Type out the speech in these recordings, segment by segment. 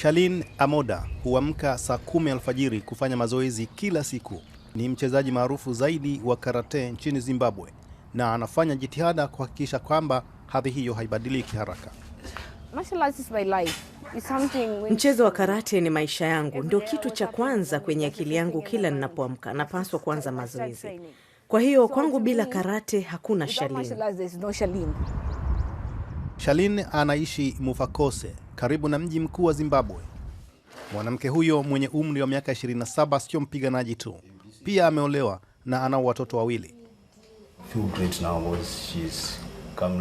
shalin Amoda huamka saa kumi alfajiri kufanya mazoezi kila siku. Ni mchezaji maarufu zaidi wa karate nchini Zimbabwe na anafanya jitihada kuhakikisha kwamba hadhi hiyo haibadiliki haraka. Mchezo wa karate ni maisha yangu, ndio kitu cha kwanza kwenye akili yangu kila ninapoamka. Napaswa kuanza mazoezi, kwa hiyo kwangu bila karate hakuna shalin shalin anaishi Mufakose karibu na mji mkuu wa Zimbabwe. Mwanamke huyo mwenye umri wa miaka 27 sio mpiganaji tu, pia ameolewa na anao watoto wawili.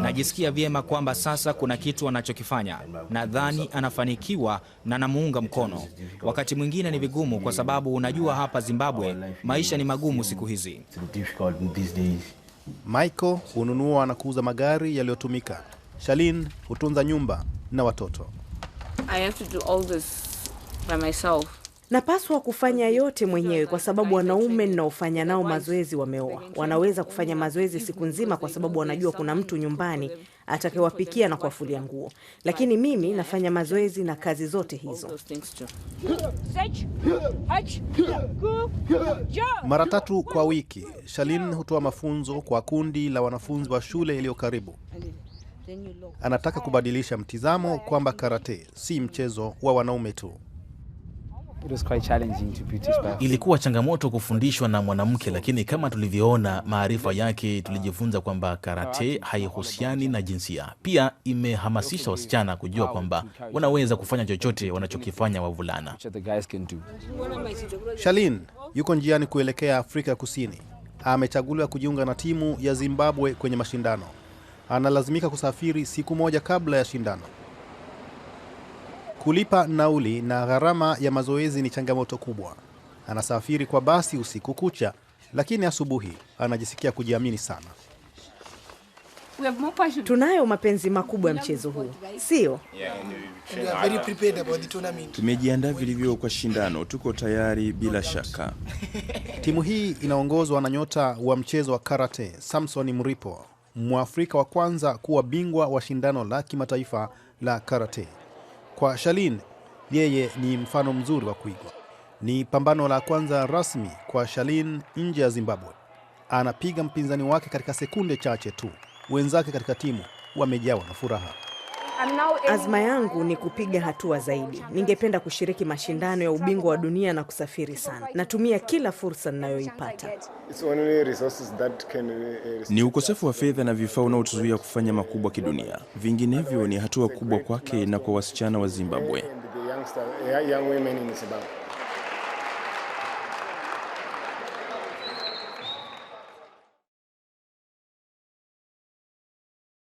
Najisikia vyema kwamba sasa kuna kitu anachokifanya. Nadhani anafanikiwa na namuunga mkono. Wakati mwingine ni vigumu, kwa sababu unajua, hapa Zimbabwe maisha ni magumu siku hizi. Michael hununua na kuuza magari yaliyotumika. Shalin hutunza nyumba na watoto. Napaswa kufanya yote mwenyewe kwa sababu wanaume ninaofanya nao mazoezi wameoa. Wanaweza kufanya mazoezi siku nzima kwa sababu wanajua kuna mtu nyumbani atakayewapikia na kuwafulia nguo, lakini mimi nafanya mazoezi na kazi zote hizo mara tatu kwa wiki. Shalin hutoa mafunzo kwa kundi la wanafunzi wa shule iliyo karibu. Anataka kubadilisha mtizamo kwamba karate si mchezo wa wanaume tu. Ilikuwa changamoto kufundishwa na mwanamke, lakini kama tulivyoona maarifa yake, tulijifunza kwamba karate haihusiani na jinsia. Pia imehamasisha wasichana kujua kwamba wanaweza kufanya chochote wanachokifanya wavulana. Shalin yuko njiani kuelekea Afrika Kusini. Amechaguliwa kujiunga na timu ya Zimbabwe kwenye mashindano analazimika kusafiri siku moja kabla ya shindano. Kulipa nauli na gharama ya mazoezi ni changamoto kubwa. Anasafiri kwa basi usiku kucha, lakini asubuhi anajisikia kujiamini sana. Tunayo mapenzi makubwa ya mchezo huu, sio? Tumejiandaa vilivyo kwa shindano, tuko tayari bila shaka. Timu hii inaongozwa na nyota wa mchezo wa karate Samson Muripo. Mwafrika wa kwanza kuwa bingwa wa shindano la kimataifa la karate. Kwa Shalin, yeye ni mfano mzuri wa kuigwa. Ni pambano la kwanza rasmi kwa Shalin nje ya Zimbabwe. Anapiga mpinzani wake katika sekunde chache tu. Wenzake katika timu wamejawa na furaha. Azma yangu ni kupiga hatua zaidi. Ningependa kushiriki mashindano ya ubingwa wa dunia na kusafiri sana. Natumia kila fursa ninayoipata. Uh, ni ukosefu wa fedha na vifaa unaotuzuia kufanya makubwa kidunia, vinginevyo ni hatua kubwa kwake na kwa wasichana wa Zimbabwe.